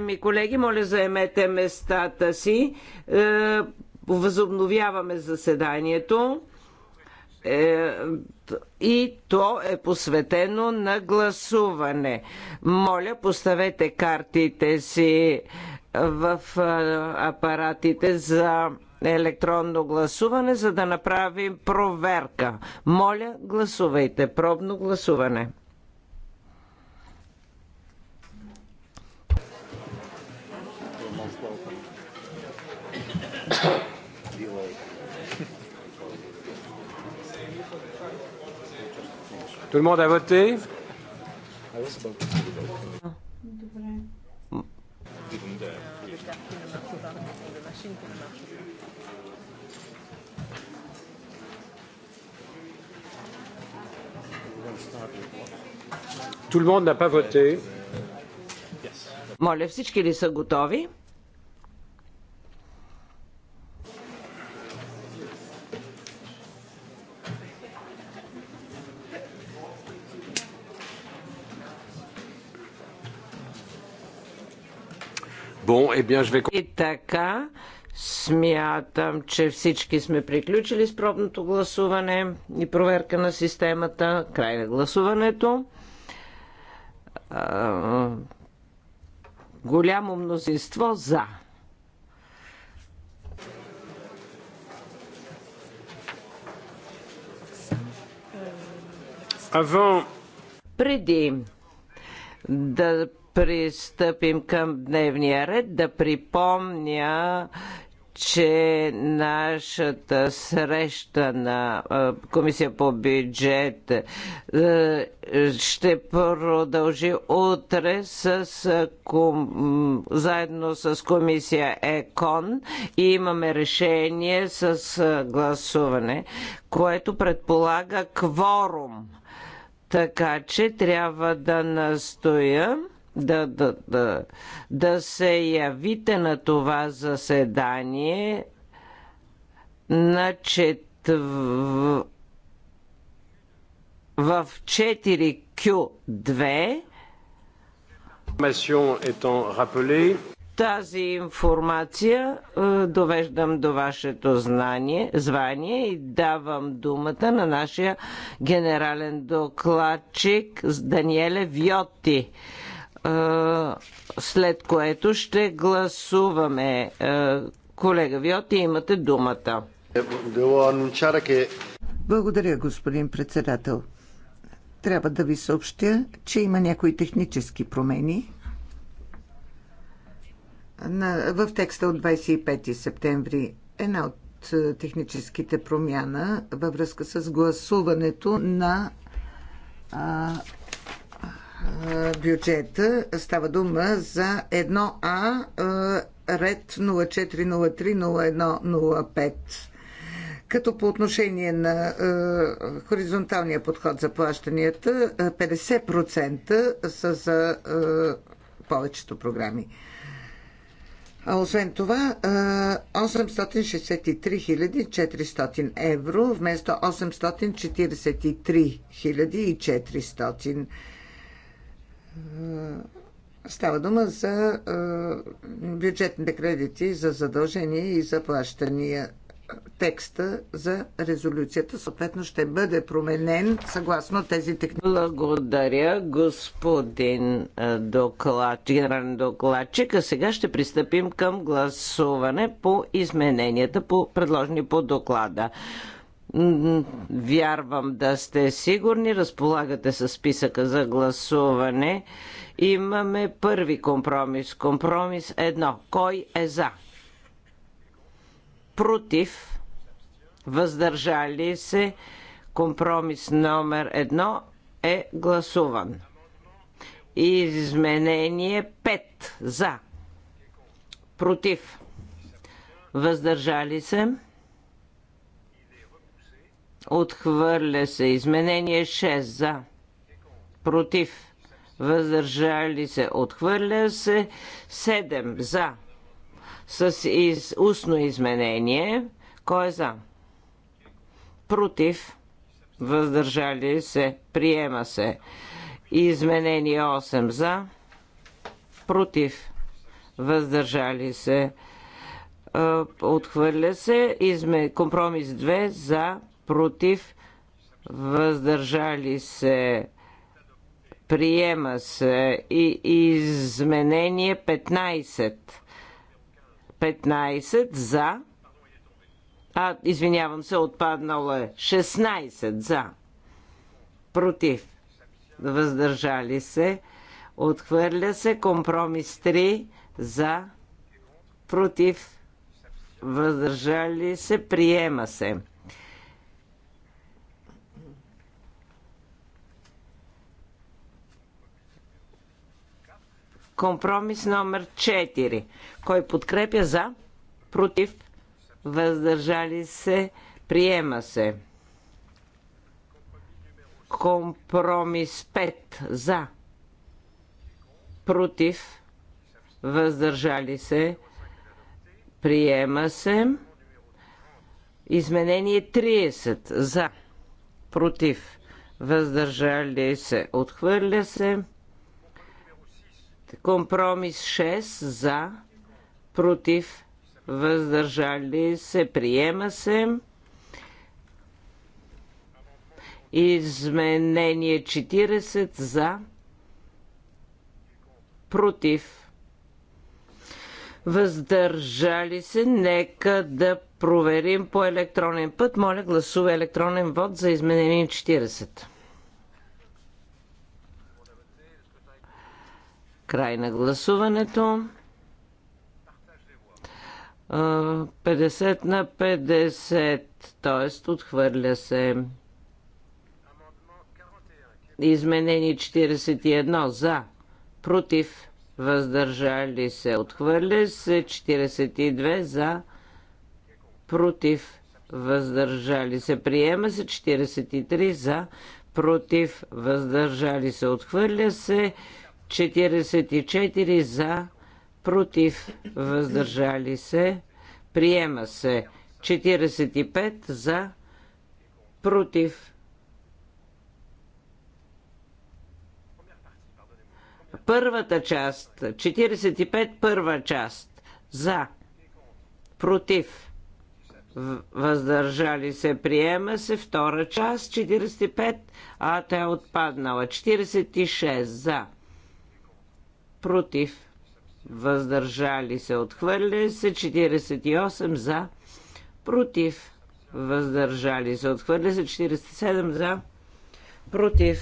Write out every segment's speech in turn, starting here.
Ми колеги, моля заемете местата си. Е, възобновяваме заседанието. Е, и то е посветено на гласуване. Моля, поставете картите си в е, апаратите за електронно гласуване, за да направим проверка. Моля, гласувайте. Пробно гласуване. Tout le monde a voté Tout le monde n'a pas voté. Моля, всички ли са готови? Eh и така, смятам, че всички сме приключили с пробното гласуване и проверка на системата. Край на гласуването. Голямо мнозинство за. Avant... Преди да пристъпим към дневния ред, да припомня, че нашата среща на Комисия по бюджет ще продължи утре с, ком, заедно с Комисия ЕКОН и имаме решение с гласуване, което предполага кворум. Така че трябва да настоя да, да, да, да се явите на това заседание на четв... в 4Q2 тази информация е, довеждам до вашето знание, звание и давам думата на нашия генерален докладчик Даниеле Виотти след което ще гласуваме. Колега Виоти, имате думата. Благодаря, господин председател. Трябва да ви съобщя, че има някои технически промени в текста от 25 септември. Една от техническите промяна във връзка с гласуването на бюджета става дума за 1А ред 0403-0105. Като по отношение на е, хоризонталния подход за плащанията, 50% са за е, повечето програми. А освен това, 863 400 евро вместо 843 400. Става дума за е, бюджетните кредити, за задължения и за плащания. Текста за резолюцията съответно ще бъде променен съгласно тези техники. Благодаря, господин е, доклад, генерален докладчик. А сега ще пристъпим към гласуване по измененията, по, предложени по доклада. Вярвам да сте сигурни, разполагате с списъка за гласуване. Имаме първи компромис. Компромис едно. Кой е за? Против? Въздържали се? Компромис номер едно е гласуван. Изменение 5 за. Против. Въздържали се? Отхвърля се изменение 6 за. Против. Въздържали се. Отхвърля се 7 за. С из... устно изменение. Кой е за? Против. Въздържали се. Приема се. Изменение 8 за. Против. Въздържали се. Е, отхвърля се. Изме... Компромис 2 за против, въздържали се, приема се и изменение 15. 15 за. А, извинявам се, отпаднало е 16 за. Против. Въздържали се. Отхвърля се компромис 3 за. Против. Въздържали се. Приема се. Компромис номер 4. Кой подкрепя за? Против? Въздържали се? Приема се. Компромис 5. За? Против? Въздържали се? Приема се. Изменение 30. За? Против? Въздържали се? Отхвърля се. Компромис 6 за, против, въздържали се, приема се. Изменение 40 за, против, въздържали се. Нека да проверим по електронен път. Моля, гласува електронен вод за изменение 40. Край на гласуването. 50 на 50, т.е. отхвърля се. Изменени 41 за, против, въздържали се, отхвърля се 42 за, против, въздържали се, приема се 43 за, против, въздържали се, отхвърля се 44 за, против, въздържали се, приема се. 45 за, против. Първата част, 45 първа част, за, против, въздържали се, приема се, втора част, 45, а тя е отпаднала, 46 за, против, въздържали се, отхвърля се, 48 за, против, въздържали се, отхвърля се, 47 за, против,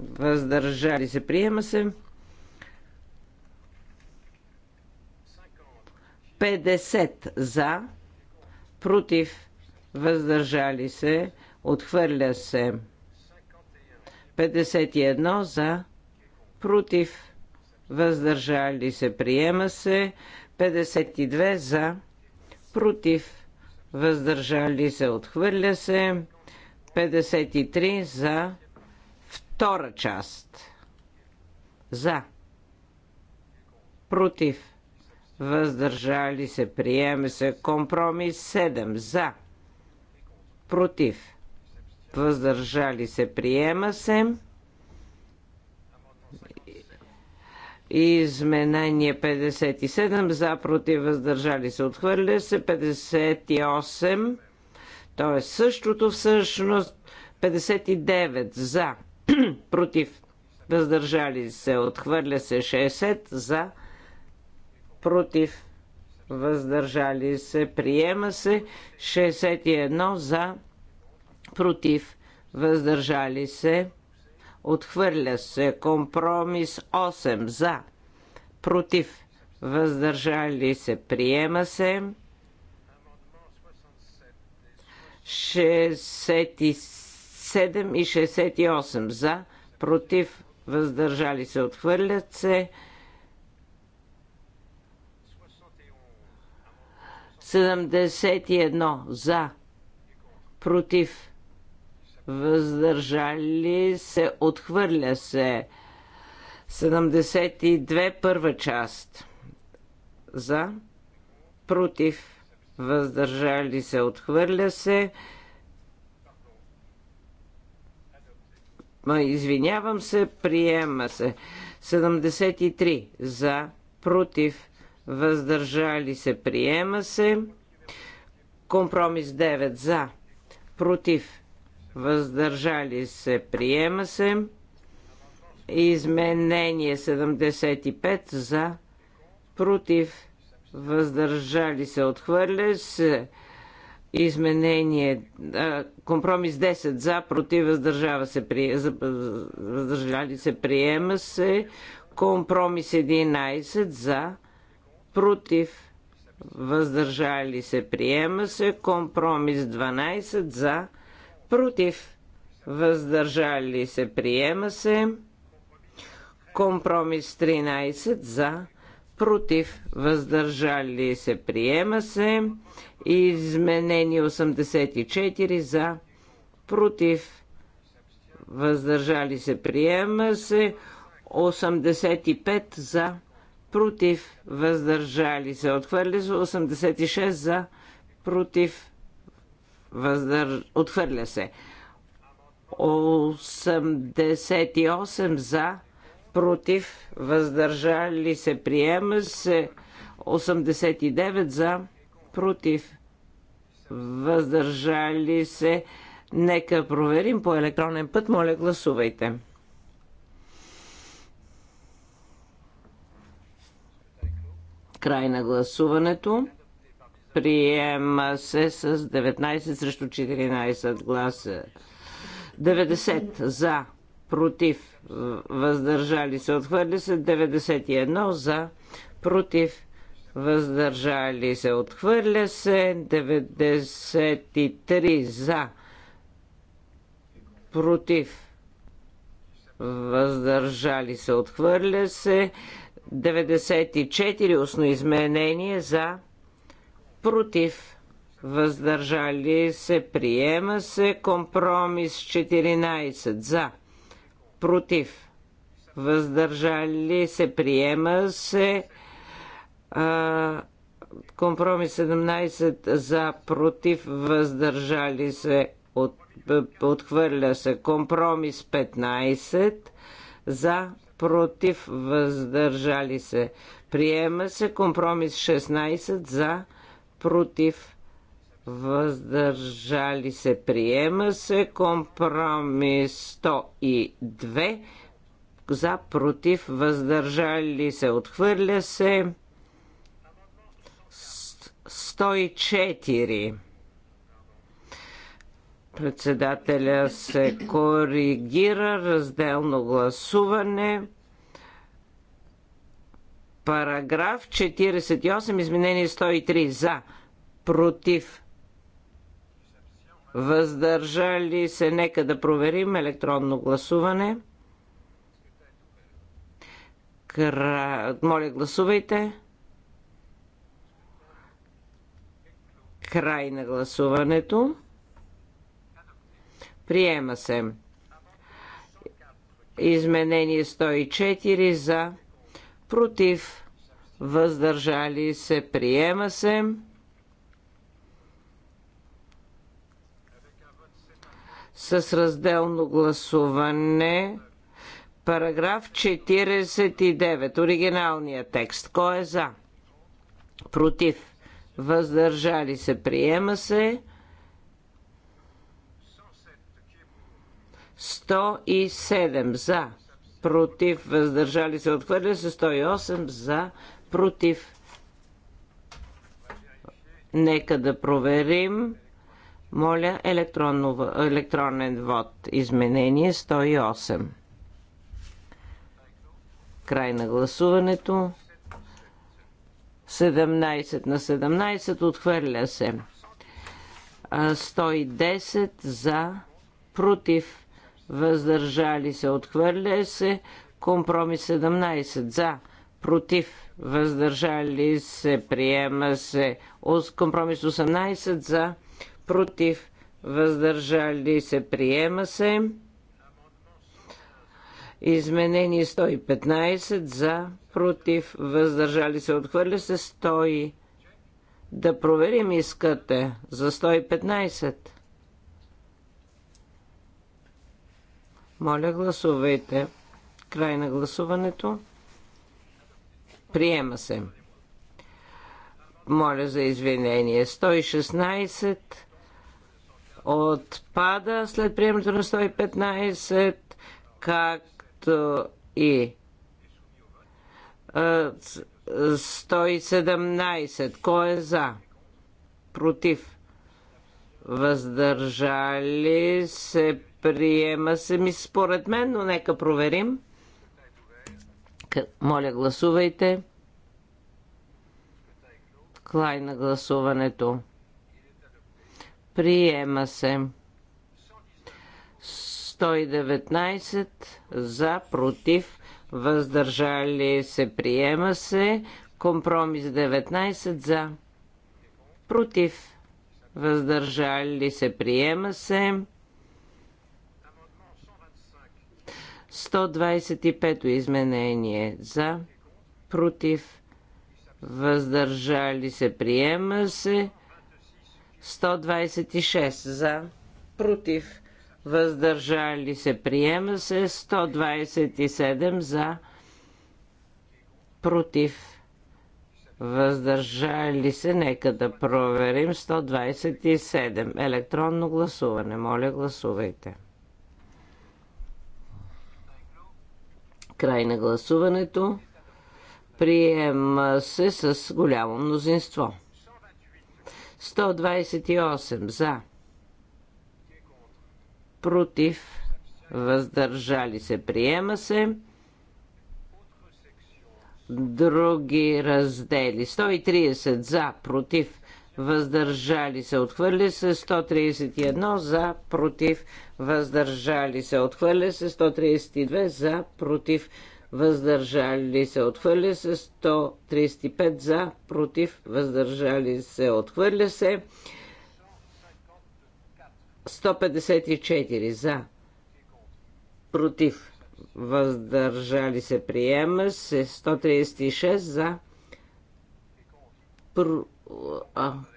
въздържали се, приема се, 50 за, против, въздържали се, отхвърля се, 51 за, против, въздържали се, приема се. 52 за, против, въздържали се, отхвърля се. 53 за втора част. За. Против. Въздържали се. приема се. Компромис 7. За. Против. Въздържали се. Приема се. Изменение 57 за против въздържали се отхвърля се 58. То е същото всъщност 59 за против въздържали се отхвърля се 60 за против въздържали се приема се 61 за против въздържали се Отхвърля се компромис 8 за. Против. Въздържали се. Приема се. 67 и 68 за. Против. Въздържали се. Отхвърлят се. 71 за. Против въздържали се, отхвърля се. 72 първа част. За, против, въздържали се, отхвърля се. Ма, извинявам се, приема се. 73 за, против, въздържали се, приема се. Компромис 9 за, против, въздържали се, приема се. Изменение 75 за, против, въздържали се, отхвърля се. Изменение, компромис 10 за, против, въздържава се, при, въздържали се, приема се. Компромис 11 за, против, въздържали се, приема се. Компромис 12 за, против, против, въздържали се, приема се. Компромис 13 за, против, въздържали се, приема се. Изменени 84 за, против, въздържали се, приема се. 85 за, против, въздържали се, отхвърли се. 86 за, против, въздър... отхвърля се. 88 за, против, въздържали се, приема се. 89 за, против, въздържали се. Нека проверим по електронен път. Моля, гласувайте. Край на гласуването. Приема се с 19 срещу 14 гласа. 90 за, против, въздържали се, отхвърли се. 91 за, против, въздържали се, отхвърля се. 93 за, против, въздържали се, отхвърля се. 94 устно изменение за против, въздържали се, приема се компромис 14 за, против, въздържали се, приема се а, компромис 17 за, против, въздържали се, от, отхвърля се компромис 15 за, против, въздържали се. Приема се компромис 16 за, против, въздържали се, приема се компромис 102, за, против, въздържали се, отхвърля се 104. Председателя се коригира разделно гласуване. Параграф 48, изменение 103. За. Против. Въздържали се. Нека да проверим електронно гласуване. Кра... Моля, гласувайте. Край на гласуването. Приема се. Изменение 104 за против, въздържали се, приема се. С разделно гласуване параграф 49, оригиналния текст. Кой е за? Против, въздържали се, приема се. 107 за против, въздържали се, отхвърля се 108 за, против. Нека да проверим. Моля, електронно, електронен вод. Изменение 108. Край на гласуването. 17 на 17 отхвърля се. 110 за, против въздържали се, отхвърля се. Компромис 17 за, против, въздържали се, приема се. Компромис 18 за, против, въздържали се, приема се. Изменени 115 за, против, въздържали се, отхвърля се 100. Да проверим искате за 115. Моля, гласувайте. Край на гласуването. Приема се. Моля за извинение. 116 отпада след приемането на 115, както и 117. Кой е за? Против? Въздържали се? Приема се ми според мен, но нека проверим. Моля, гласувайте. Клай на гласуването. Приема се. 119 за, против, въздържали се, приема се. Компромис 19 за, против, въздържали се, приема се. 125 изменение за, против, въздържали се, приема се. 126 за, против, въздържали се, приема се. 127 за, против, въздържали се. Нека да проверим. 127. Електронно гласуване. Моля, гласувайте. Край на гласуването. Приема се с голямо мнозинство. 128 за. Против. Въздържали се. Приема се. Други раздели. 130 за. Против въздържали се, отхвърля се 131 за, против, въздържали се, отхвърля се 132 за, против, въздържали се, отхвърля се 135 за, против, въздържали се, отхвърля се 154 за, против, въздържали се, приема се 136 за, против,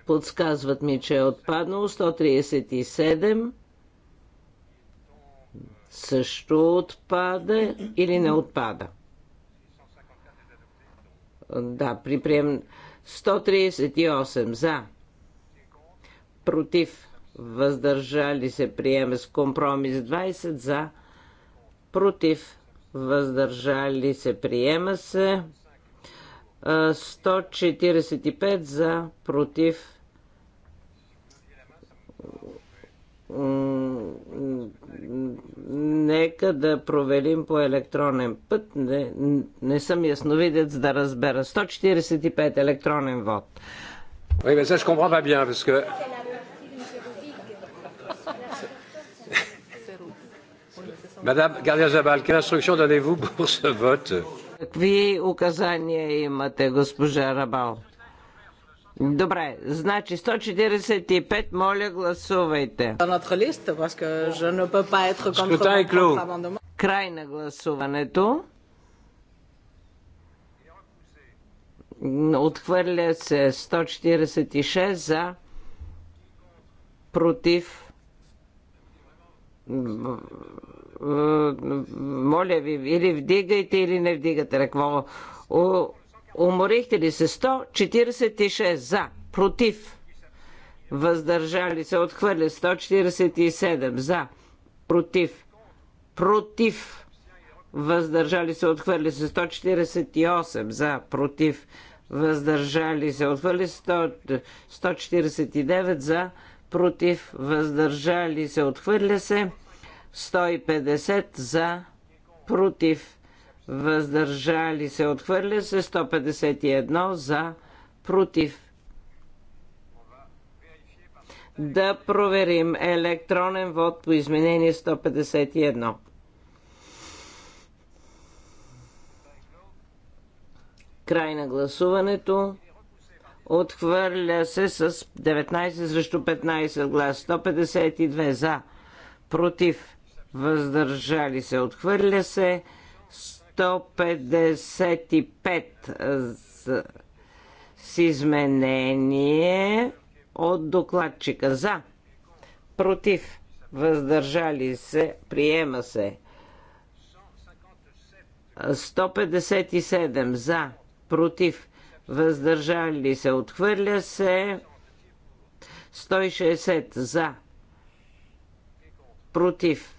подсказват ми, че е отпаднало. 137 също отпада или не отпада. Да, при прием 138 за, против, въздържали се, приеме с компромис 20 за, против, въздържали се, приема се 145 за, против. Нека да проверим по електронен път. Не, не съм ясновидец да разбера. 145 електронен вод. Oui, mais ça, je comprends pas bien, parce que... Madame Gardia Zabal, quelle instruction donnez-vous pour ce vote Какви указания имате, госпожа Рабал? Добре, значи 145, моля гласувайте. Край на гласуването. Отхвърля се 146 за против моля ви, или вдигайте, или не вдигате ръкво. Уморихте ли се? 146 за, против, въздържали се, отхвърля 147 за, против, против, въздържали се, отхвърли се 148 за, против, въздържали се, отхвърли 100, 149 за, против, въздържали се, отхвърля се 150 за, против, въздържали се, отхвърля се, 151 за, против. Да проверим електронен вод по изменение 151. Край на гласуването. Отхвърля се с 19 срещу 15 глас. 152 за. Против въздържали се, отхвърля се 155 с, с изменение от докладчика за, против, въздържали се, приема се 157 за, против, въздържали се, отхвърля се 160 за, против,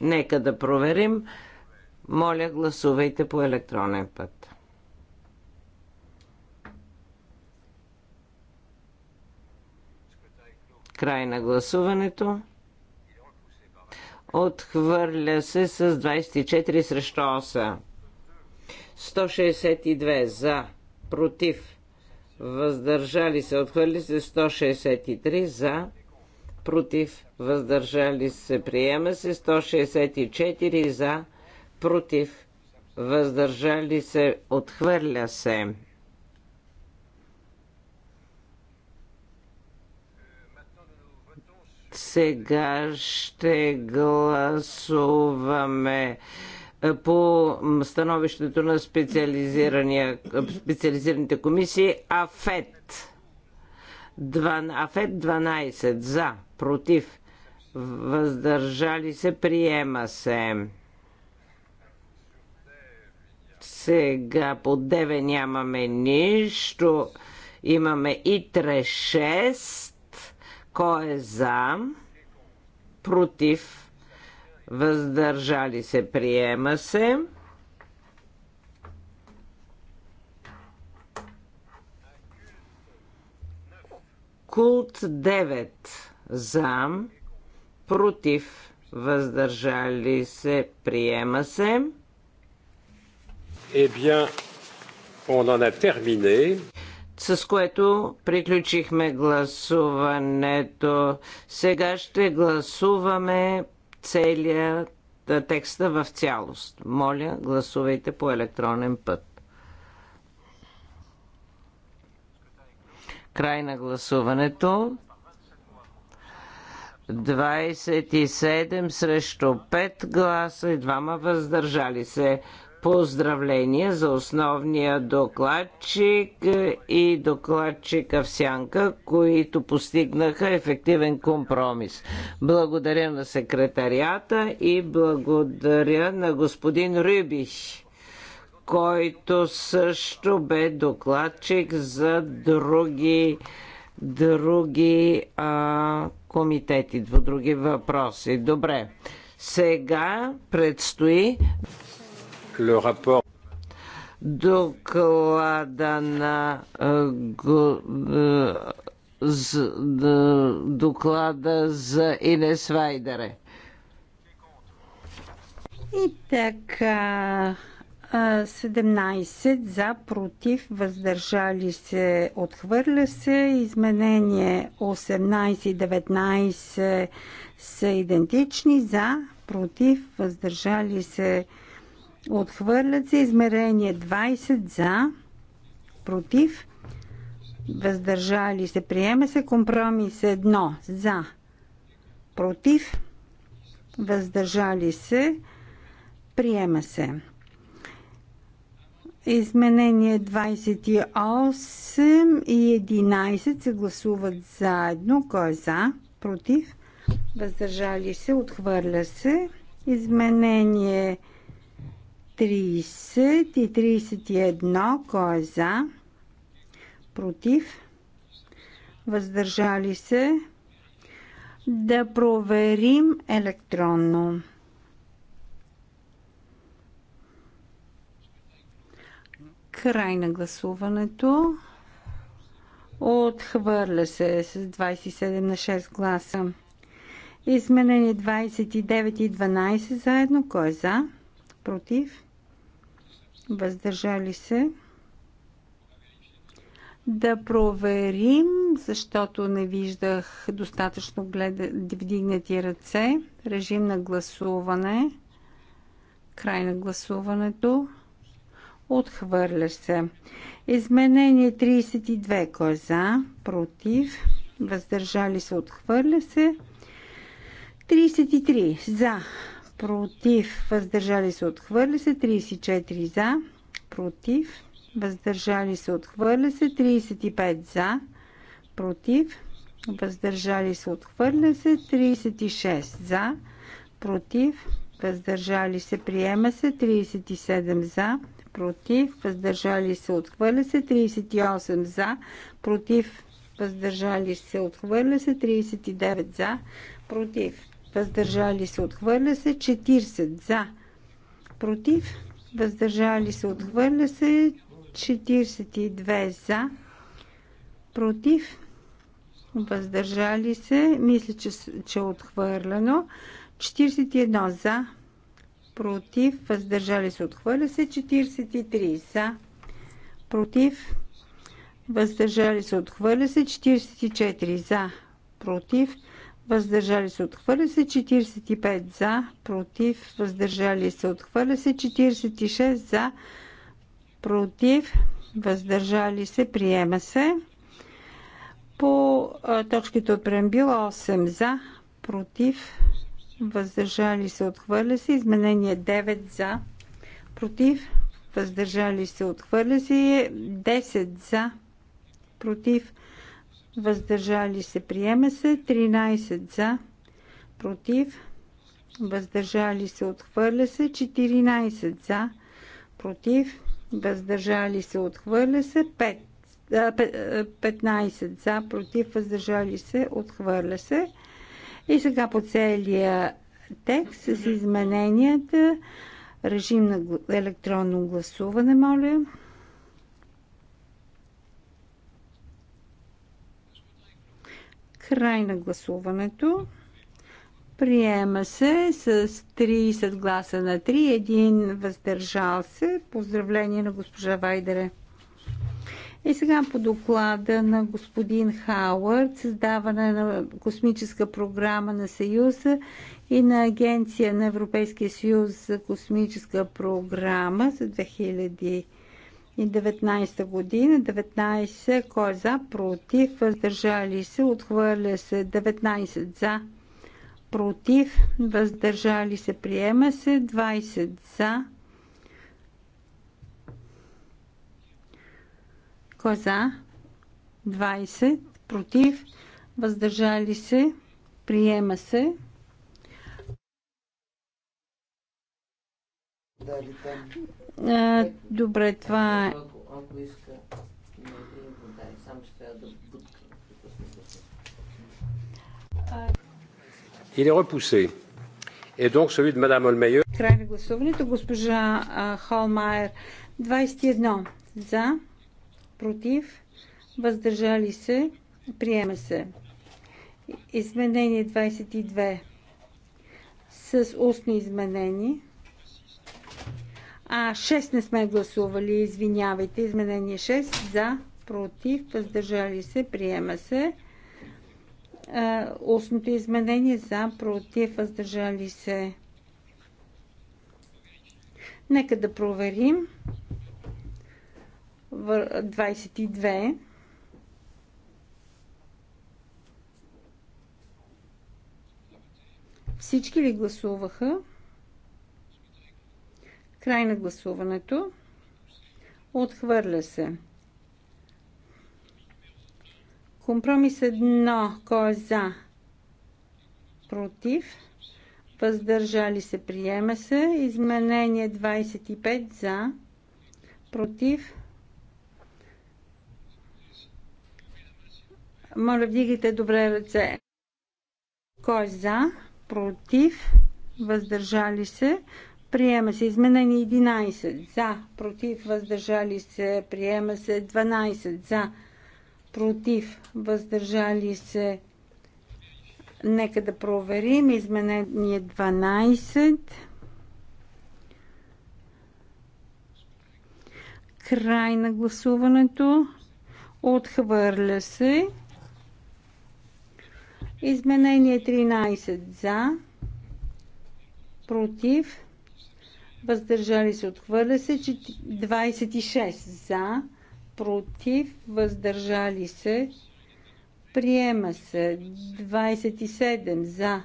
Нека да проверим. Моля, гласувайте по електронен път. Край на гласуването. Отхвърля се с 24 срещу 8. 162 за, против, въздържали се, отхвърли се 163 за, против, въздържали се, приема се 164 за, против, въздържали се, отхвърля се. Сега ще гласуваме е, по становището на специализираните комисии АФЕТ. Афет 12 за, против, въздържали се, приема се. Сега по 9 нямаме нищо. Имаме и 3 6. Кой е за? Против. Въздържали се, приема се. Култ 9 за, против, въздържали се, приема се. Е, bien, on en a terminé. С което приключихме гласуването. Сега ще гласуваме целият текста в цялост. Моля, гласувайте по електронен път. Край на гласуването. 27 срещу 5 гласа и двама въздържали се. Поздравления за основния докладчик и докладчика в сянка, които постигнаха ефективен компромис. Благодаря на секретарията и благодаря на господин Рибиш който също бе докладчик за други, други а, комитети, други въпроси. Добре. Сега предстои доклада на доклада за Инес Вайдере. И така, 17 за, против, въздържали се, отхвърля се. Изменение 18 и 19 са идентични за, против, въздържали се, отхвърлят се. Измерение 20 за, против, въздържали се, приема се. Компромис 1 за, против, въздържали се, приема се. Изменение 28 и 11 се гласуват заедно. Кой е за? Против? Въздържали се? Отхвърля се. Изменение 30 и 31. Кой е за? Против? Въздържали се? Да проверим електронно. Край на гласуването. Отхвърля се с 27 на 6 гласа. Изменени 29 и 12 заедно. Кой е за? Против? Въздържали се? Да проверим, защото не виждах достатъчно вдигнати ръце. Режим на гласуване. Край на гласуването. Отхвърля се. Изменение 32. Кой е за? Против. Въздържали се. Отхвърля се. 33. За. Против. Въздържали се. Отхвърля се. 34. За. Против. Въздържали се. Отхвърля се. 35. За. Против. Въздържали се. Отхвърля се. 36. За. Против. Въздържали се. Приема се. 37. За против, въздържали се, отхвърля се, 38 за, против, въздържали се, отхвърля се, 39 за, против, въздържали се, отхвърля се, 40 за, против, въздържали се, отхвърля се, 42 за, против, въздържали се, мисля, че, че е отхвърлено, 41 за, против, въздържали се, отхвърля се. 43 за, против, въздържали се, отхвърля се. 44 за, против, въздържали се, отхвърля се. 45 за, против, въздържали се, отхвърля се. 46 за, против, въздържали се, приема се. По точките от преамбила 8 за, против, въздържали се, отхвърля се. Изменение 9 за, против, въздържали се, отхвърля се. 10 за, против, въздържали се, приема се. 13 за, против, въздържали се, отхвърля се. 14 за, против, въздържали се, отхвърля се. 5 15 за, против, въздържали се, отхвърля се. И сега по целия текст с измененията. Режим на електронно гласуване, моля. Край на гласуването. Приема се с 30 гласа на 3, един въздържал се. Поздравление на госпожа Вайдере. И сега по доклада на господин Хауърд, създаване на космическа програма на Съюза и на Агенция на Европейския съюз за космическа програма за 2019 година. 19 кой е за, против, въздържали се, отхвърля се 19 за, против, въздържали се, приема се 20 за, Кой е за? 20. Против. Въздържали се. Приема се. А, добре, това е. Il est repoussé. donc celui de Madame Край на гласуването, госпожа Холмайер. 21 за, против, въздържали се, приема се. Изменение 22 с устни изменения. А 6 не сме гласували, извинявайте. Изменение 6 за, против, въздържали се, приема се. Устното изменение за, против, въздържали се. Нека да проверим. 22. Всички ли гласуваха? Край на гласуването. Отхвърля се. Компромис 1. Кой е за? Против. Въздържали се. Приема се. Изменение 25 за. Против. Моля, вдигайте добре ръце. Кой е за? Против? Въздържали се? Приема се изменени 11 за, против, въздържали се, приема се 12 за, против, въздържали се. Нека да проверим изменение 12. Край на гласуването. Отхвърля се. Изменение 13 за, против, въздържали се, отхвърля се, 26 за, против, въздържали се, приема се, 27 за,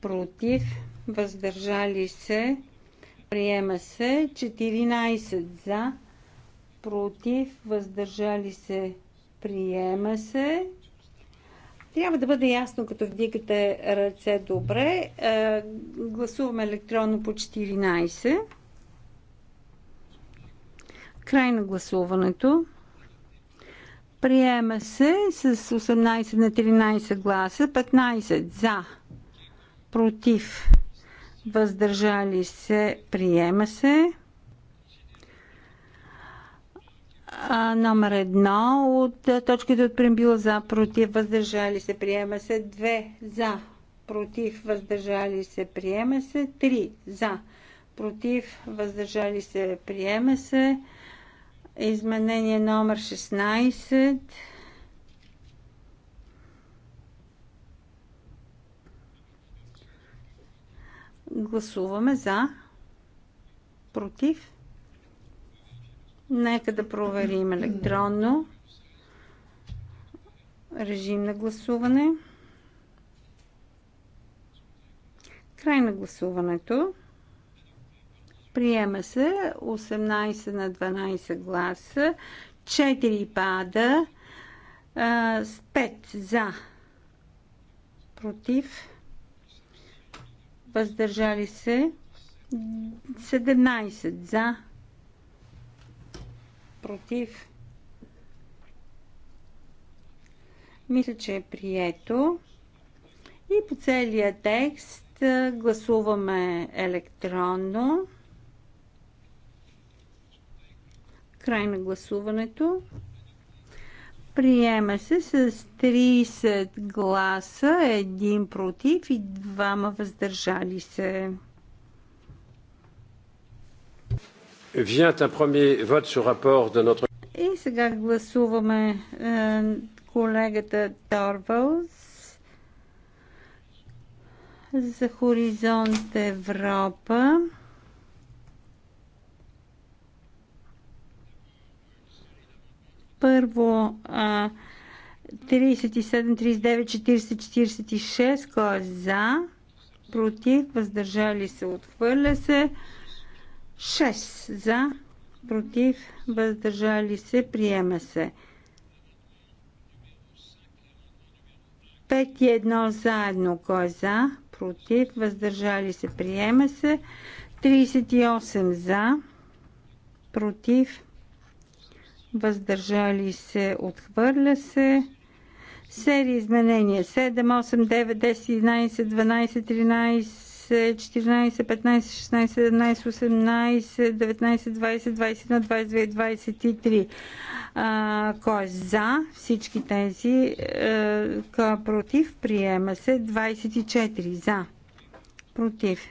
против, въздържали се, приема се, 14 за, против, въздържали се, приема се, трябва да бъде ясно, като вдигате ръце добре. Е, гласуваме електронно по 14. Край на гласуването. Приема се с 18 на 13 гласа, 15 за, против, въздържали се, приема се. А, номер едно от точките от прембила за против въздържали се приема се. Две за против въздържали се приема се. Три за против въздържали се приема се. Изменение номер 16. Гласуваме за, против, Нека да проверим електронно. Режим на гласуване. Край на гласуването. Приема се 18 на 12 гласа. 4 пада. 5 за. Против. Въздържали се. 17 за против. Мисля, че е прието. И по целия текст гласуваме електронно. Край на гласуването. Приема се с 30 гласа, 1 против и 2 въздържали се. И сега гласуваме е, колегата Торвалс за Хоризонт Европа. Първо 37, 39, 40, 46, кой е за, против, въздържали се, отхвърля се. 6 за, против, въздържали се, приема се. 5 и 1 заедно, кой е за, против, въздържали се, приема се. 38 за, против, въздържали се, отхвърля се. Серия изменения 7, 8, 9, 10, 11, 12, 13, 14, 15, 16, 17, 18, 19, 20, 21, 22 23. А, кой е за всички тези? А, е, кой е против? Приема се. 24 за. Против.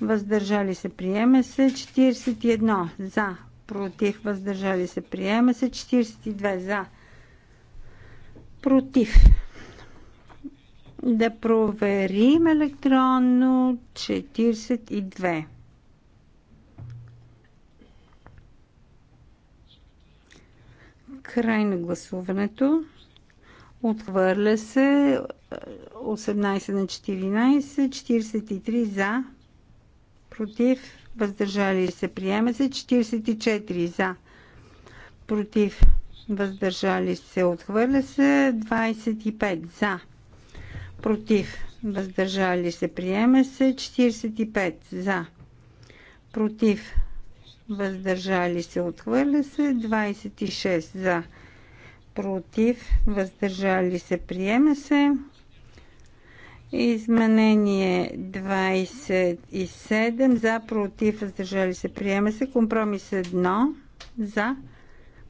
Въздържали се. Приема се. 41 за. Против. Въздържали се. Приема се. 42 за. Против да проверим електронно 42. Край на гласуването. Отхвърля се 18 е, на 14, 43 за, против, въздържали се, приема се 44 за, против, въздържали се, отхвърля се 25 за против, въздържали се, приема се 45 за, против, въздържали се, отхвърля се 26 за, против, въздържали се, приема се. Изменение 27 за, против, въздържали се, приема се. Компромис 1 за,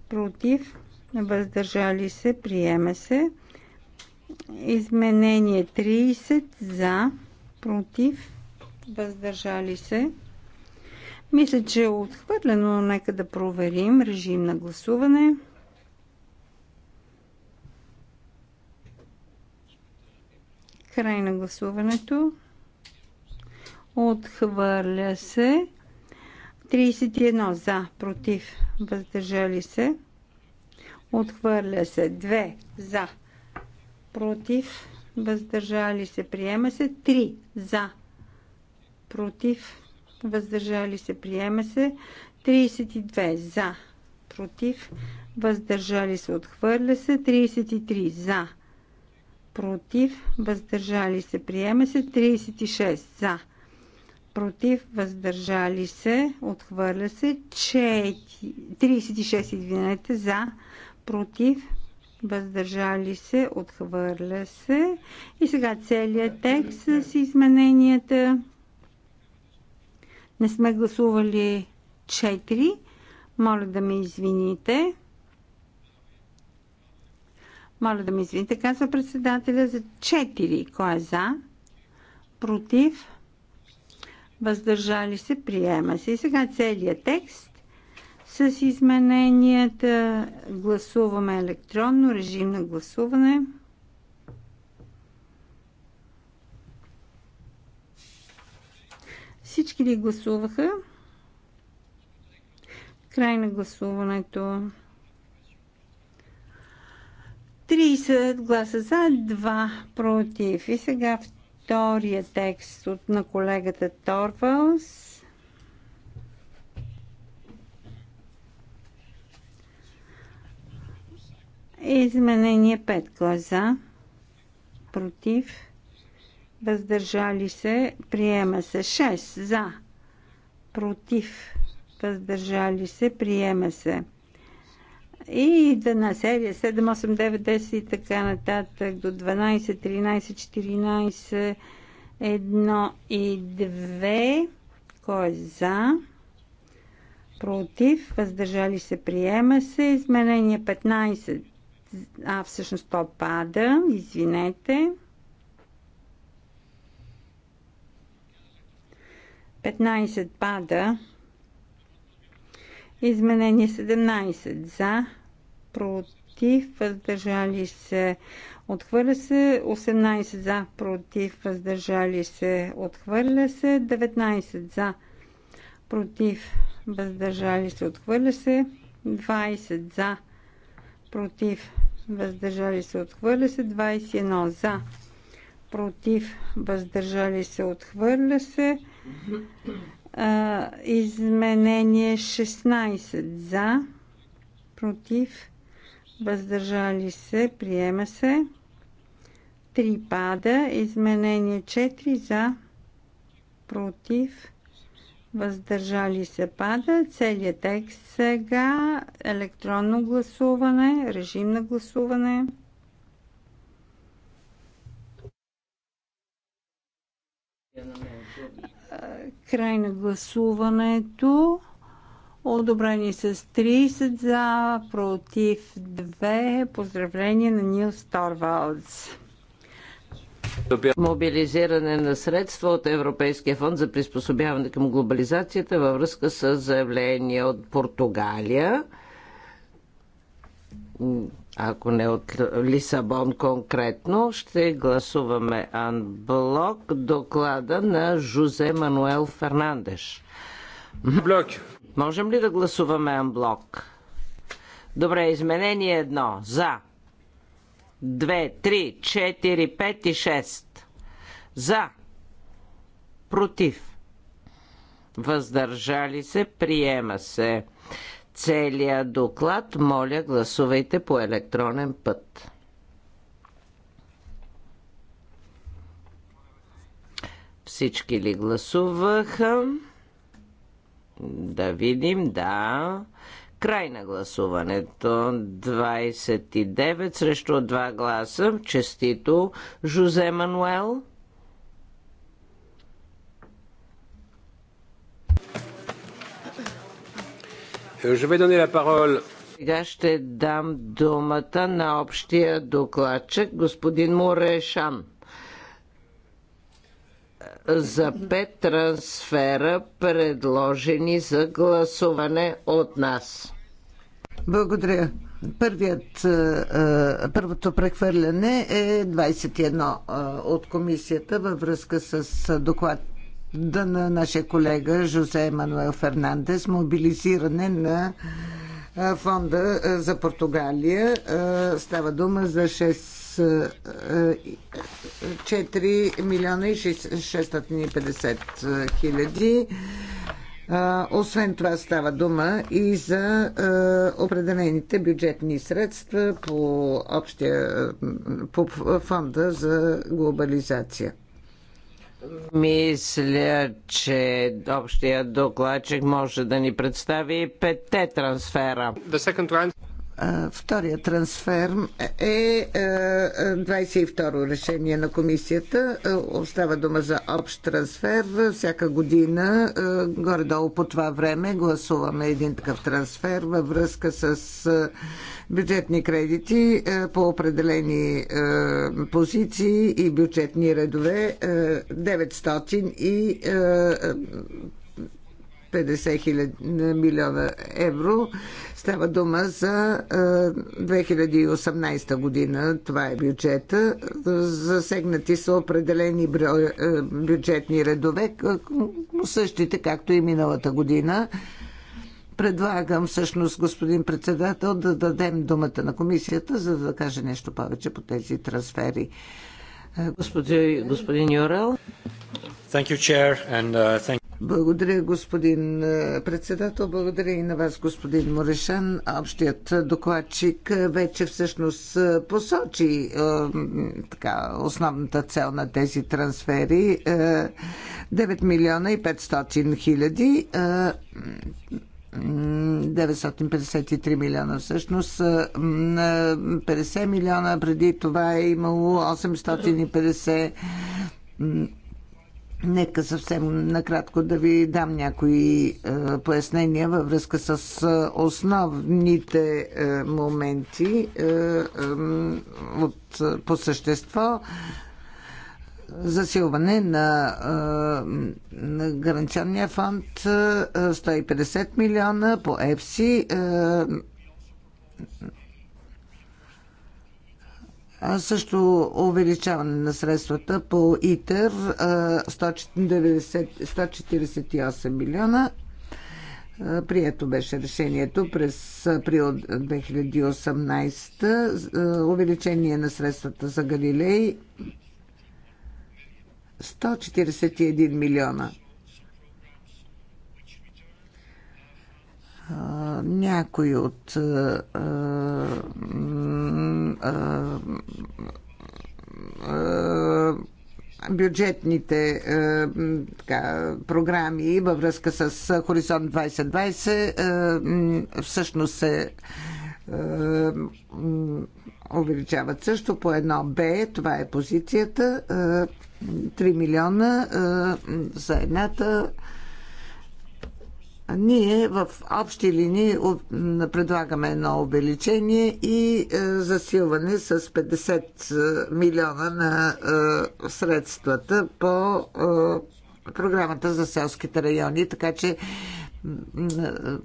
против, въздържали се, приема се. Изменение 30 за, против, въздържали се. Мисля, че е отхвърлено, но нека да проверим режим на гласуване. Край на гласуването. Отхвърля се. 31 за, против, въздържали се. Отхвърля се. 2 за, против, въздържали се, приема се. 3 за, против, въздържали се, приема се. 32 за, против, въздържали се, отхвърля се. 33 за, против, въздържали се, приема се. 36 за, против, въздържали се, отхвърля се. 4, 36 извинете, за, против, въздържали се, отхвърля се. И сега целият текст с измененията. Не сме гласували 4. Моля да ме извините. Моля да ме извините, казва председателя за 4. Кой е за? Против? Въздържали се, приема се. И сега целият текст с измененията. Гласуваме електронно. Режим на гласуване. Всички ли гласуваха? Край на гласуването. 30 гласа за, 2 против. И сега втория текст от на колегата Торвалс Изменение 5. гласа. Е за? Против? Въздържали се? Приема се. 6. За? Против? Въздържали се? Приема се. И да на серия 7, 8, 9, 10 и така нататък до 12, 13, 14, 1 и 2. Кой е за? Против? Въздържали се? Приема се. Изменение 15 а, всъщност то пада. Извинете. 15 пада. Изменение 17 за, против, въздържали се, отхвърля се. 18 за, против, въздържали се, отхвърля се. 19 за, против, въздържали се, отхвърля се. 20 за, против, въздържали се, отхвърля се. 21 за, против, въздържали се, отхвърля се. Изменение 16 за, против, въздържали се, приема се. 3 пада, изменение 4 за, против, въздържали се пада. Целият текст сега електронно гласуване, режим на гласуване. Край на гласуването. Одобрени с 30 за, против 2. Поздравление на Нил Торвалдс. Мобилизиране на средства от Европейския фонд за приспособяване към глобализацията във връзка с заявление от Португалия ако не от Лисабон конкретно, ще гласуваме анблок доклада на Жозе Мануел Фернандеш. Блок. Можем ли да гласуваме анблок? Добре, изменение едно. За. 2, 3, 4, 5 и 6. За. Против. Въздържали се. Приема се. Целият доклад, моля, гласувайте по електронен път. Всички ли гласуваха? Да видим, да. Край на гласуването. 29 срещу 2 гласа. Честито, Жозе Мануел. Е, сега ще дам думата на общия докладчик, господин Морешан. За пет трансфера, предложени за гласуване от нас. Благодаря. Първият, е, е, първото прехвърляне е 21 е, от комисията във връзка с доклад на нашия колега Жозе Емануел Фернандес, мобилизиране на фонда за Португалия. Става дума за 6 4 милиона и 650 хиляди освен това става дума и за определените бюджетни средства по, общия, по фонда за глобализация. Мисля, че общия докладчик може да ни представи петте трансфера. Втория трансфер е 22-ро е, решение на комисията. Е, остава дума за общ трансфер. Всяка година, е, горе-долу по това време, гласуваме един такъв трансфер във връзка с бюджетни кредити по определени позиции и бюджетни редове 900 и 50 милиона евро. Става дума за 2018 година. Това е бюджета. Засегнати са определени е, бюджетни редове, същите както и миналата година. Предлагам всъщност, господин председател, да дадем думата на комисията, за да каже нещо повече по тези трансфери. Господи, е, господин Юрел. Thank you, Chair, and, uh, thank благодаря, господин е, председател. Благодаря и на вас, господин Морешан. Общият докладчик вече всъщност е, посочи е, така, основната цел на тези трансфери. Е, 9 милиона и 500 хиляди. Е, 953 милиона всъщност. 50 е, милиона преди това е имало 850 милиона Нека съвсем накратко да ви дам някои е, пояснения във връзка с е, основните е, моменти от, по същество. Засилване на, на гаранционния фонд 150 милиона по ЕФСИ също увеличаване на средствата по ИТЕР 190, 148 милиона. Прието беше решението през април 2018. Увеличение на средствата за Галилей 141 милиона. някои от бюджетните така, програми във връзка с Хоризонт 2020 всъщност се увеличават също по едно Б. Това е позицията. 3 милиона за едната ние в общи линии предлагаме едно увеличение и е, засилване с 50 е, милиона на е, средствата по програмата за селските райони, така че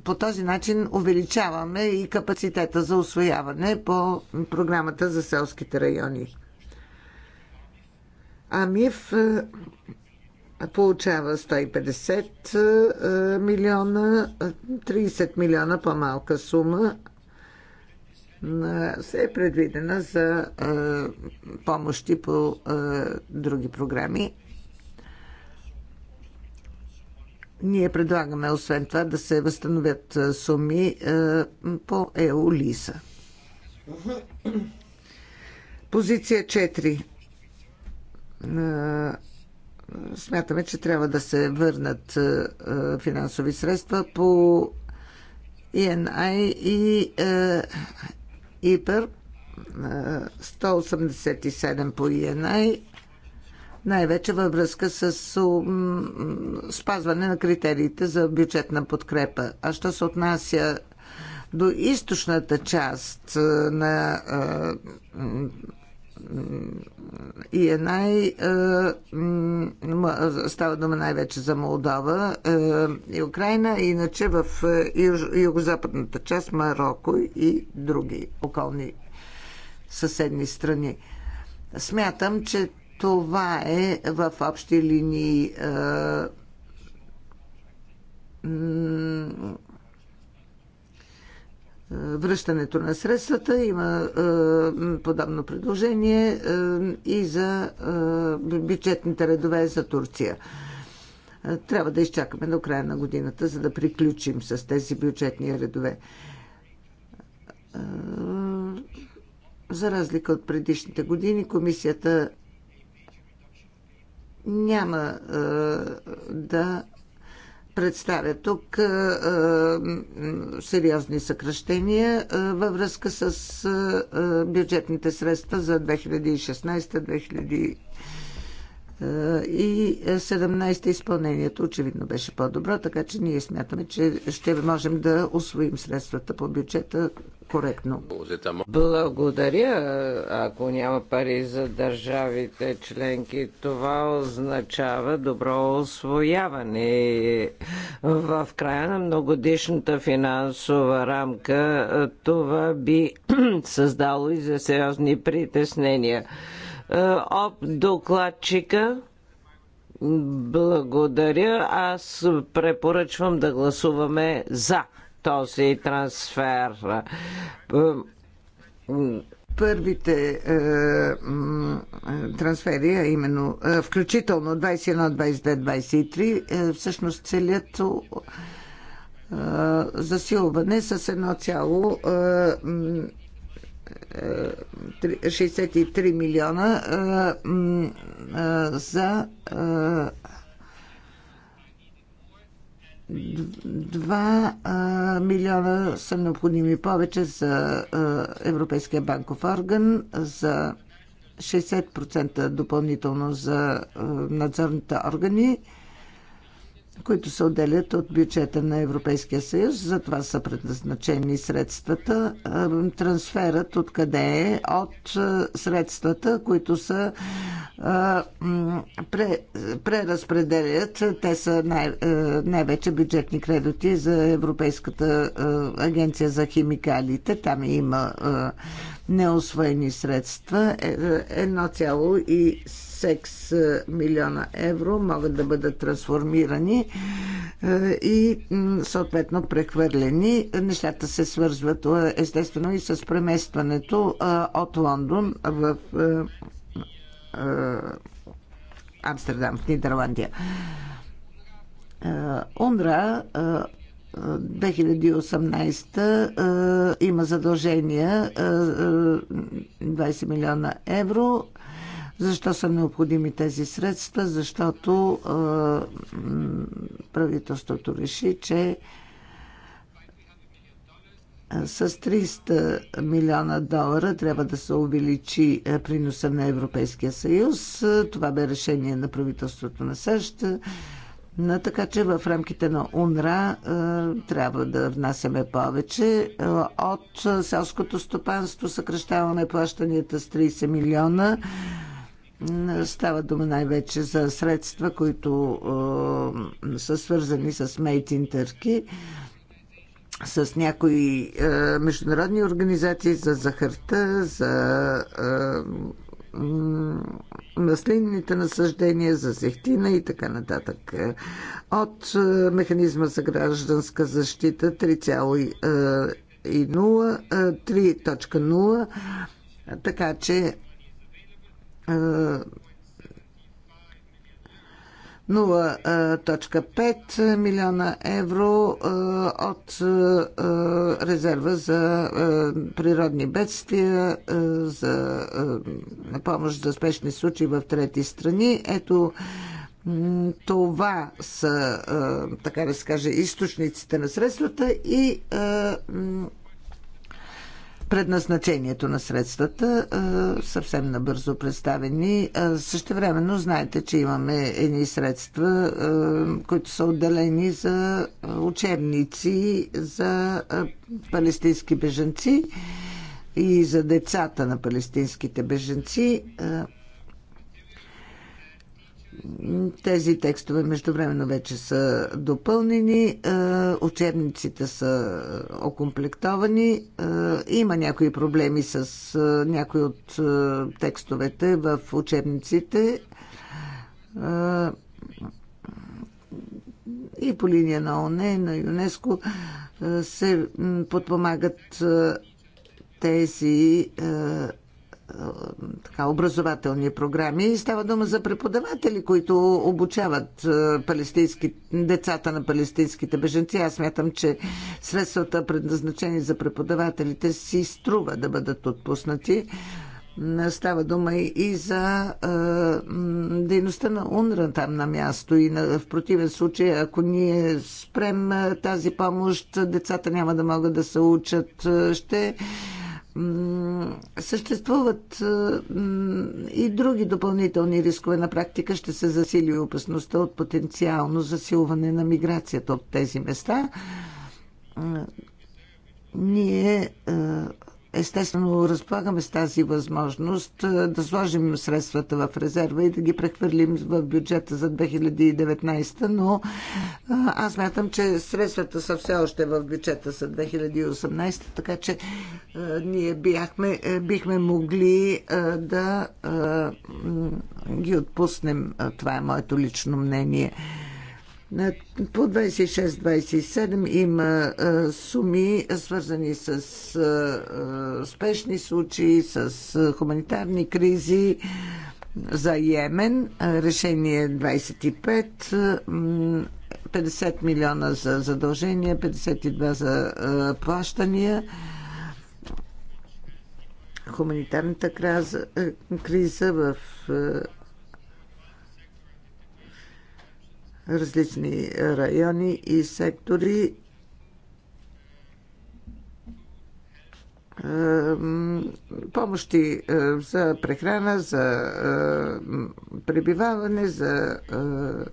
по този начин увеличаваме и капацитета за освояване по програмата за селските райони. Ами в получава 150 е, милиона, 30 милиона по-малка сума е, се е предвидена за е, помощи по други програми. Ние предлагаме освен това да се възстановят суми по ЕО-ЛИСА. Позиция 4 смятаме, че трябва да се върнат е, е, финансови средства по ИНАЙ и е, ИПР 187 по ИНАЙ най-вече във връзка с спазване на критериите за бюджетна подкрепа. А що се отнася до източната част на и е най... Е, става дума най-вече за Молдова е, и Украина, иначе в е, югозападната част Марокко и други околни съседни страни. Смятам, че това е в общи линии връщането на средствата. Има е, подобно предложение е, и за е, бюджетните редове за Турция. Трябва да изчакаме до края на годината, за да приключим с тези бюджетни редове. За разлика от предишните години, комисията няма да представя тук а, сериозни съкръщения а, във връзка с а, бюджетните средства за 2016-2017 е, и 17-та изпълнението очевидно беше по-добро, така че ние смятаме, че ще можем да освоим средствата по бюджета коректно. Благодаря. Ако няма пари за държавите членки, това означава добро освояване. В края на многодишната финансова рамка това би създало и за сериозни притеснения. Е, докладчика. Благодаря. Аз препоръчвам да гласуваме за този трансфер. Е, Първите е, трансфери, а именно е, включително 21, 22, 23, е, всъщност целят е, засилване с едно Е, 63 милиона за 2 милиона са необходими повече за Европейския банков орган, за 60% допълнително за надзорните органи които се отделят от бюджета на Европейския съюз. За това са предназначени средствата. Е, трансферът откъде е? От е, средствата, които са е, преразпределят. Те са най- най-вече бюджетни кредити за Европейската агенция за химикалите. Там има неосвоени средства. 1,7 6 е, милиона евро могат да бъдат трансформирани е, и съответно прехвърлени. Нещата се свързват е, естествено и с преместването от Лондон в Амстердам, в Нидерландия. УНРА 2018 има задължения 20 милиона евро защо са необходими тези средства? Защото правителството реши, че с 300 милиона долара трябва да се увеличи е, приноса на Европейския съюз. Това бе решение на правителството на САЩ. Но, така че в рамките на УНРА е, трябва да внасяме повече. Е, от селското стопанство съкръщаваме плащанията с 30 милиона. Става дума най-вече за средства, които е, са свързани с Made in Turkey, с някои е, международни организации за захарта, за е, маслинните насъждения, за зехтина и така нататък. От е, механизма за гражданска защита 3,0 3.0, е, е, така че 0,5 милиона евро от резерва за природни бедствия, за помощ за спешни случаи в трети страни. Ето това са, така да се каже, източниците на средствата и предназначението на средствата, съвсем набързо представени. времено знаете, че имаме едни средства, които са отделени за учебници, за палестински беженци и за децата на палестинските беженци. Тези текстове междувременно вече са допълнени, е, учебниците са окомплектовани. Е, има някои проблеми с е, някои от текстовете в учебниците и по линия на ОНЕ, на ЮНЕСКо се подпомагат тези е, така, образователни програми. И става дума за преподаватели, които обучават е, палестински, децата на палестинските беженци. Аз смятам, че средствата, предназначени за преподавателите, си струва да бъдат отпуснати. Става дума и за е, дейността на УНРА там на място. И на, в противен случай, ако ние спрем е, тази помощ, децата няма да могат да се учат. Ще Съществуват е, и други допълнителни рискове. На практика ще се засили опасността от потенциално засилване на миграцията от тези места. Ние е, Естествено, разполагаме с тази възможност да сложим средствата в резерва и да ги прехвърлим в бюджета за 2019, но аз мятам, че средствата са все още в бюджета за 2018, така че ние бяхме, е, бихме могли да ги отпуснем. Това е моето лично мнение. По 26-27 има суми, свързани с спешни случаи, с хуманитарни кризи за Йемен. Решение 25, е 50 милиона за задължения, 52 за плащания хуманитарната криза, криза в различни райони и сектори. Помощи за прехрана, за пребиваване, за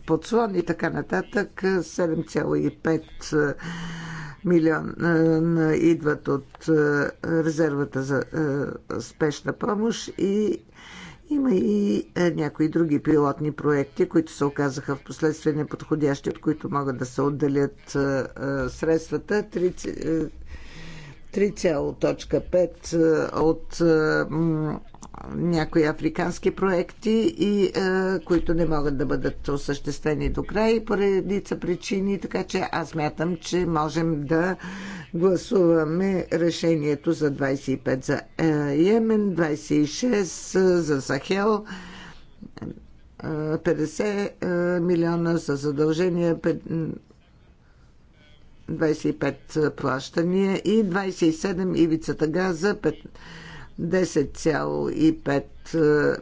подслон и така нататък. 7,5 милион идват от резервата за спешна помощ и има и е, някои други пилотни проекти, които се оказаха в последствие неподходящи, от които могат да се отделят е, е, средствата. 30, 3,5 е, от е, някои африкански проекти и е, които не могат да бъдат осъществени до край по редица причини, така че аз мятам, че можем да гласуваме решението за 25 за е, Йемен, 26 за Сахел, 50 милиона за задължения, 25 плащания и 27 ивицата газа, 10,5 е,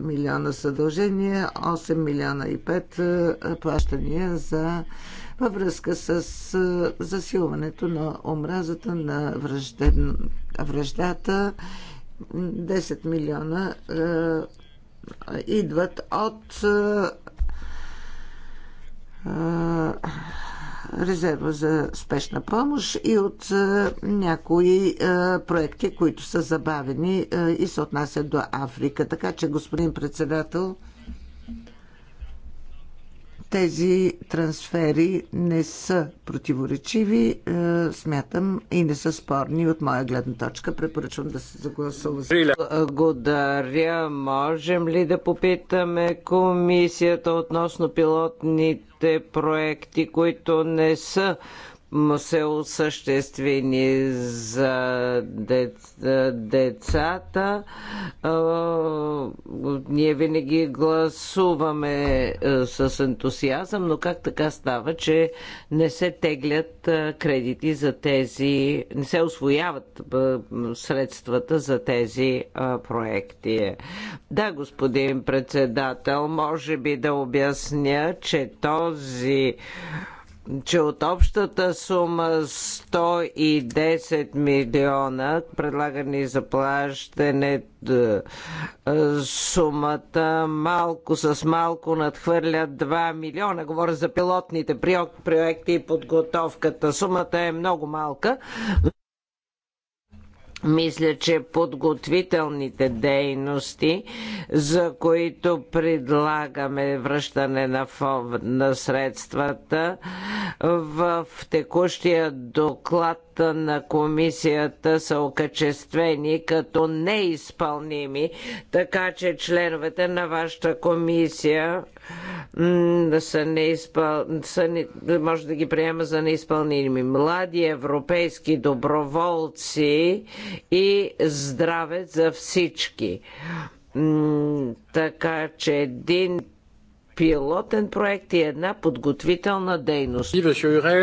милиона съдължения, 8 милиона и 5 е, плащания за във връзка с е, засилването на омразата на връждата. 10 милиона е, идват от е, резерва за спешна помощ и от е, някои е, проекти, които са забавени е, и се отнасят до Африка. Така че, господин председател, тези трансфери не са противоречиви, е, смятам, и не са спорни от моя гледна точка. Препоръчвам да се загласува. Благодаря. Е, можем ли да попитаме комисията относно пилотните проекти, които не са му се осъществени за децата. Ние винаги гласуваме с ентусиазъм, но как така става, че не се теглят кредити за тези, не се освояват средствата за тези проекти. Да, господин председател, може би да обясня, че този че от общата сума 110 милиона, предлагани за плащане, сумата малко с малко надхвърля 2 милиона. Говоря за пилотните проекти и подготовката. Сумата е много малка. Мисля, че подготвителните дейности, за които предлагаме връщане на, фон, на средствата, в текущия доклад на комисията са окачествени като неизпълними, така че членовете на вашата комисия са неизпъл... са не... може да ги приема за неизпълними. Млади европейски доброволци и здраве за всички. Така че един пилотен проект и една подготвителна дейност.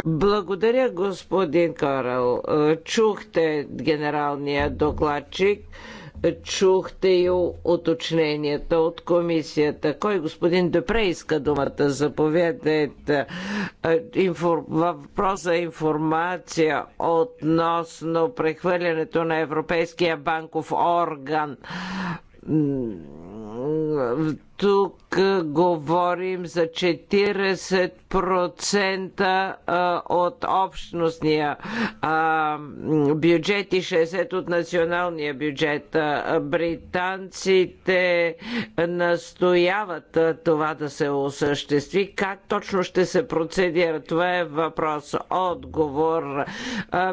Благодаря, господин Карл. Чухте генералния докладчик чухте и уточненията от комисията. Кой господин Депре иска думата? Заповядайте. Въпрос за информация относно прехвърлянето на Европейския банков орган тук говорим за 40% от общностния бюджет и 60% от националния бюджет. Британците настояват това да се осъществи. Как точно ще се процедира? Това е въпрос. Отговор.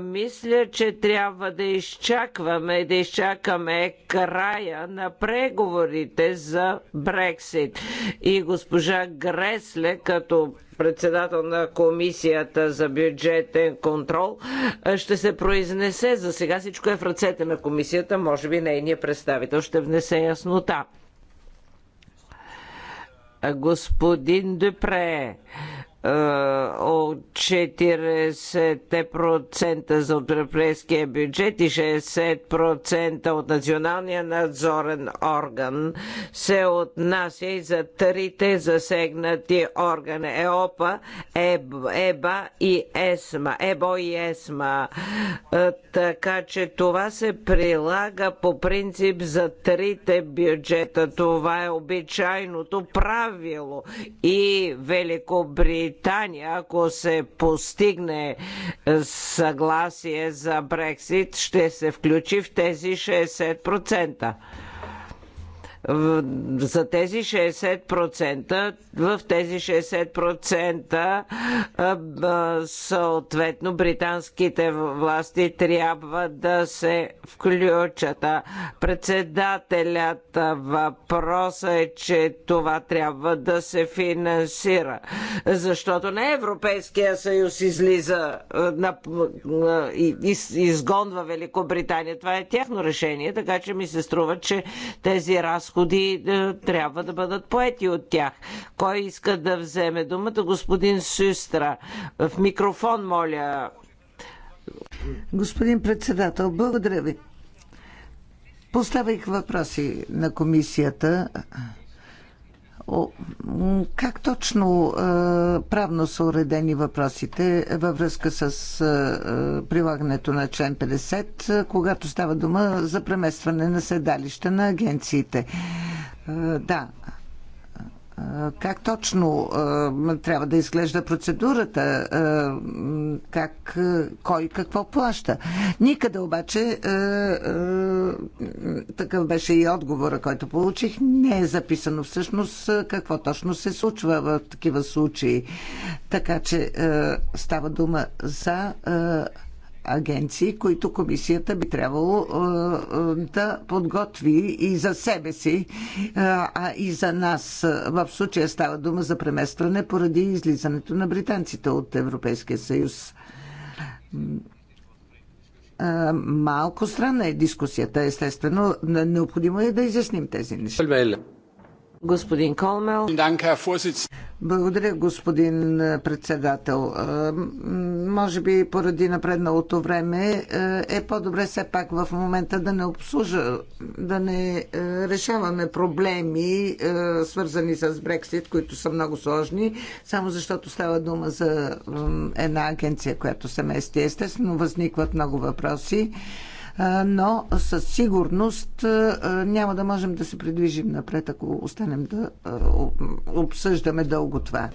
Мисля, че трябва да изчакваме, да изчакаме края на преговорите за Брек. Брексит. И госпожа Гресле, като председател на Комисията за бюджетен контрол, ще се произнесе. За сега всичко е в ръцете на Комисията, може би нейният представител ще внесе яснота господин Депре. Е, от 40% за европейския бюджет и 60% от националния надзорен орган се отнася и за трите засегнати органи ЕОПА, ЕБ, ЕБА и ЕСМА. ЕБО и ЕСМА. Е, така че това се прилага по принцип за трите бюджета. Това е обичайното правило. И Великобритания Великобритания, ако се постигне е, съгласие за Брексит, ще се включи в тези 60% за тези 60%, в тези 60% съответно британските власти трябва да се включат. Председателят въпроса е, че това трябва да се финансира, защото не Европейския съюз излиза на, из, изгонва Великобритания. Това е тяхно решение, така че ми се струва, че тези разходи разходи е, трябва да бъдат поети от тях. Кой иска да вземе думата? Господин Сюстра. В микрофон, моля. Господин председател, благодаря ви. Поставих въпроси на комисията как точно правно са уредени въпросите във връзка с прилагането на член 50, когато става дума за преместване на седалище на агенциите? Да, как точно трябва да изглежда процедурата? Как, кой какво плаща? Никъде обаче, такъв беше и отговора, който получих, не е записано всъщност какво точно се случва в такива случаи. Така че става дума за агенции, които комисията би трябвало е, е, да подготви и за себе си, е, а и за нас. В случая става дума за преместване поради излизането на британците от Европейския съюз. Малко странна е дискусията, естествено. Необходимо е да изясним тези неща. Господин Колмел. Благодаря, господин председател. Е, може би поради напредналото време е, е по-добре все пак в момента да не обслужа, да не е, решаваме проблеми, свързани с Брексит, които са много сложни, само защото става дума за една агенция, която се мести. Естествено, възникват много въпроси но със сигурност няма да можем да се придвижим напред, ако останем да обсъждаме дълго това.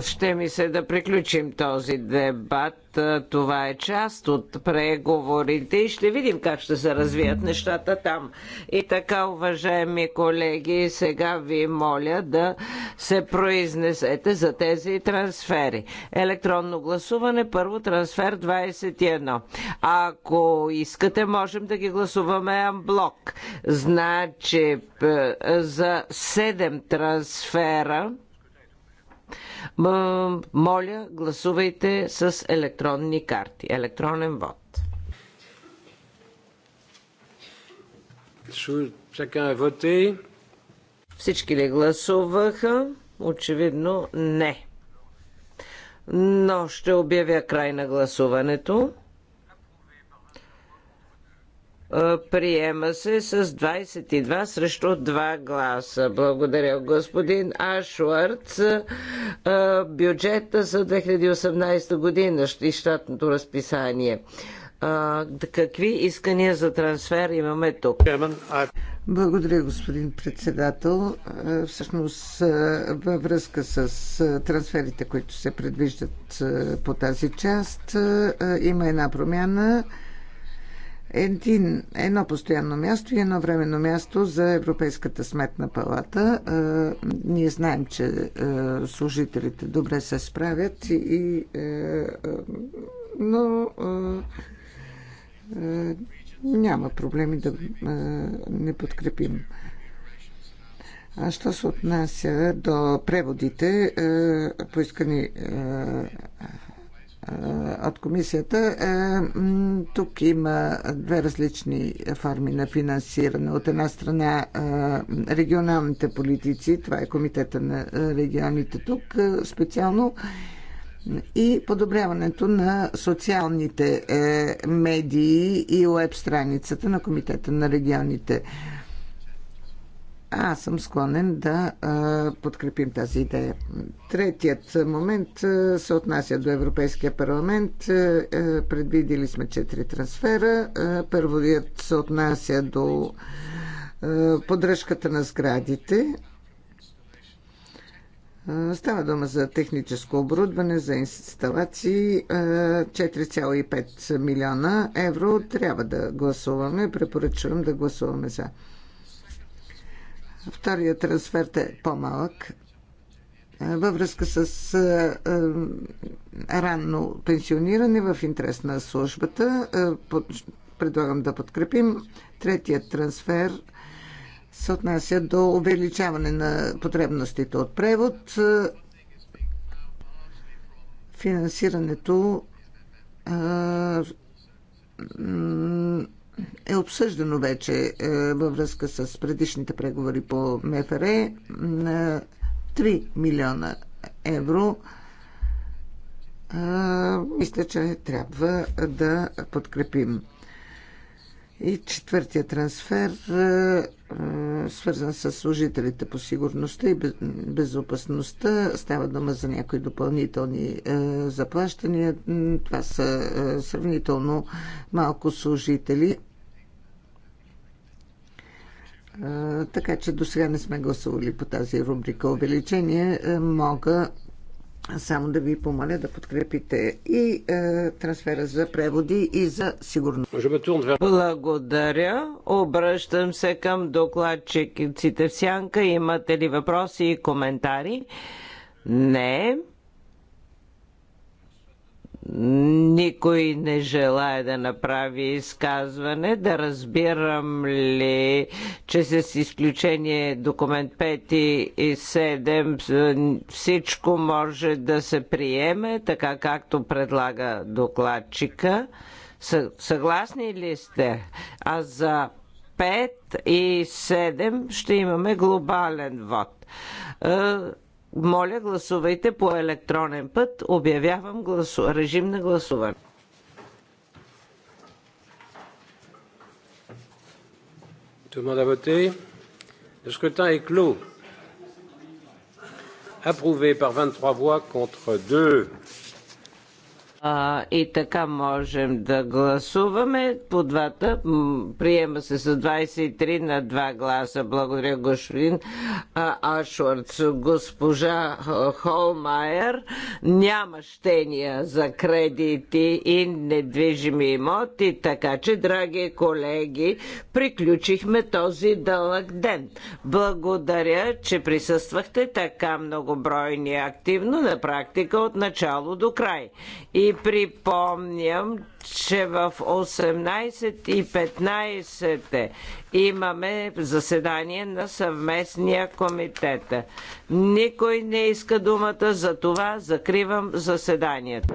Ще ми се да приключим този дебат е, това е част от преговорите и ще видим как ще се развият нещата там. И така, уважаеми колеги, сега ви моля да се произнесете за тези трансфери. Електронно гласуване, първо трансфер 21. Ако искате, можем да ги гласуваме амблок. Значи е, за 7 трансфера моля, гласувайте с електронни карти. Електронен вод. Е Всички ли гласуваха? Очевидно не. Но ще обявя край на гласуването. Е, приема се с 22 срещу 2 гласа. Благодаря, господин Ашвард. Е, бюджета за 2018 година и щатното разписание. Е, какви искания за трансфер имаме тук? Благодаря, господин председател. Всъщност, във връзка с трансферите, които се предвиждат по тази част, има една промяна – един, едно постоянно място и едно временно място за Европейската сметна палата. Е, ние знаем, че е, служителите добре се справят, и, е, е, но е, е, няма проблеми да е, не подкрепим. А що се отнася до преводите, е, поискани. Е, от комисията. Е, тук има две различни форми на финансиране. От една страна е, регионалните политици, това е комитета на регионите тук е, специално, и подобряването на социалните медии и уеб страницата на комитета на регионите аз съм склонен да а, подкрепим тази идея. Третият момент а, се отнася до Европейския парламент. А, предвидили сме четири трансфера. А, първият се отнася до а, поддръжката на сградите. Става дума за техническо оборудване, за инсталации. 4,5 милиона евро трябва да гласуваме. Препоръчвам да гласуваме за. Вторият трансфер е по-малък. Е, във връзка с е, е, ранно пенсиониране в интерес на службата, предлагам да подкрепим. Третият трансфер се отнася до увеличаване на потребностите от превод. Финансирането е обсъждано вече е, във връзка с предишните преговори по МФР на 3 милиона евро. Е, мисля, че трябва да подкрепим. И четвъртия трансфер, е, свързан с служителите по сигурността и безопасността, става дума за някои допълнителни заплащания. Това са сравнително малко служители така че до сега не сме гласували по тази рубрика увеличение. Е, мога само да ви помоля да подкрепите и е, трансфера за преводи и за сигурност. Благодаря. Обръщам се към докладчиците в сянка. Имате ли въпроси и коментари? Не. Никой не желая да направи изказване. Да разбирам ли, че с изключение документ 5 и 7 всичко може да се приеме, така както предлага докладчика? Съгласни ли сте? А за 5 и 7 ще имаме глобален вод. Е, моля, гласувайте по електронен път. Обявявам гласу... режим на гласуване. Tout le monde a voté. Le Approuvé par 23 voix contre 2. А, и така можем да гласуваме по двата. Приема се с 23 на 2 гласа. Благодаря, господин Ашварц. Госпожа Холмайер няма щения за кредити и недвижими имоти, така че, драги колеги, приключихме този дълъг ден. Благодаря, че присъствахте така многобройни и активно на практика от начало до край. И припомням, че в 18.15 имаме заседание на съвместния комитет. Никой не иска думата, за това закривам заседанието.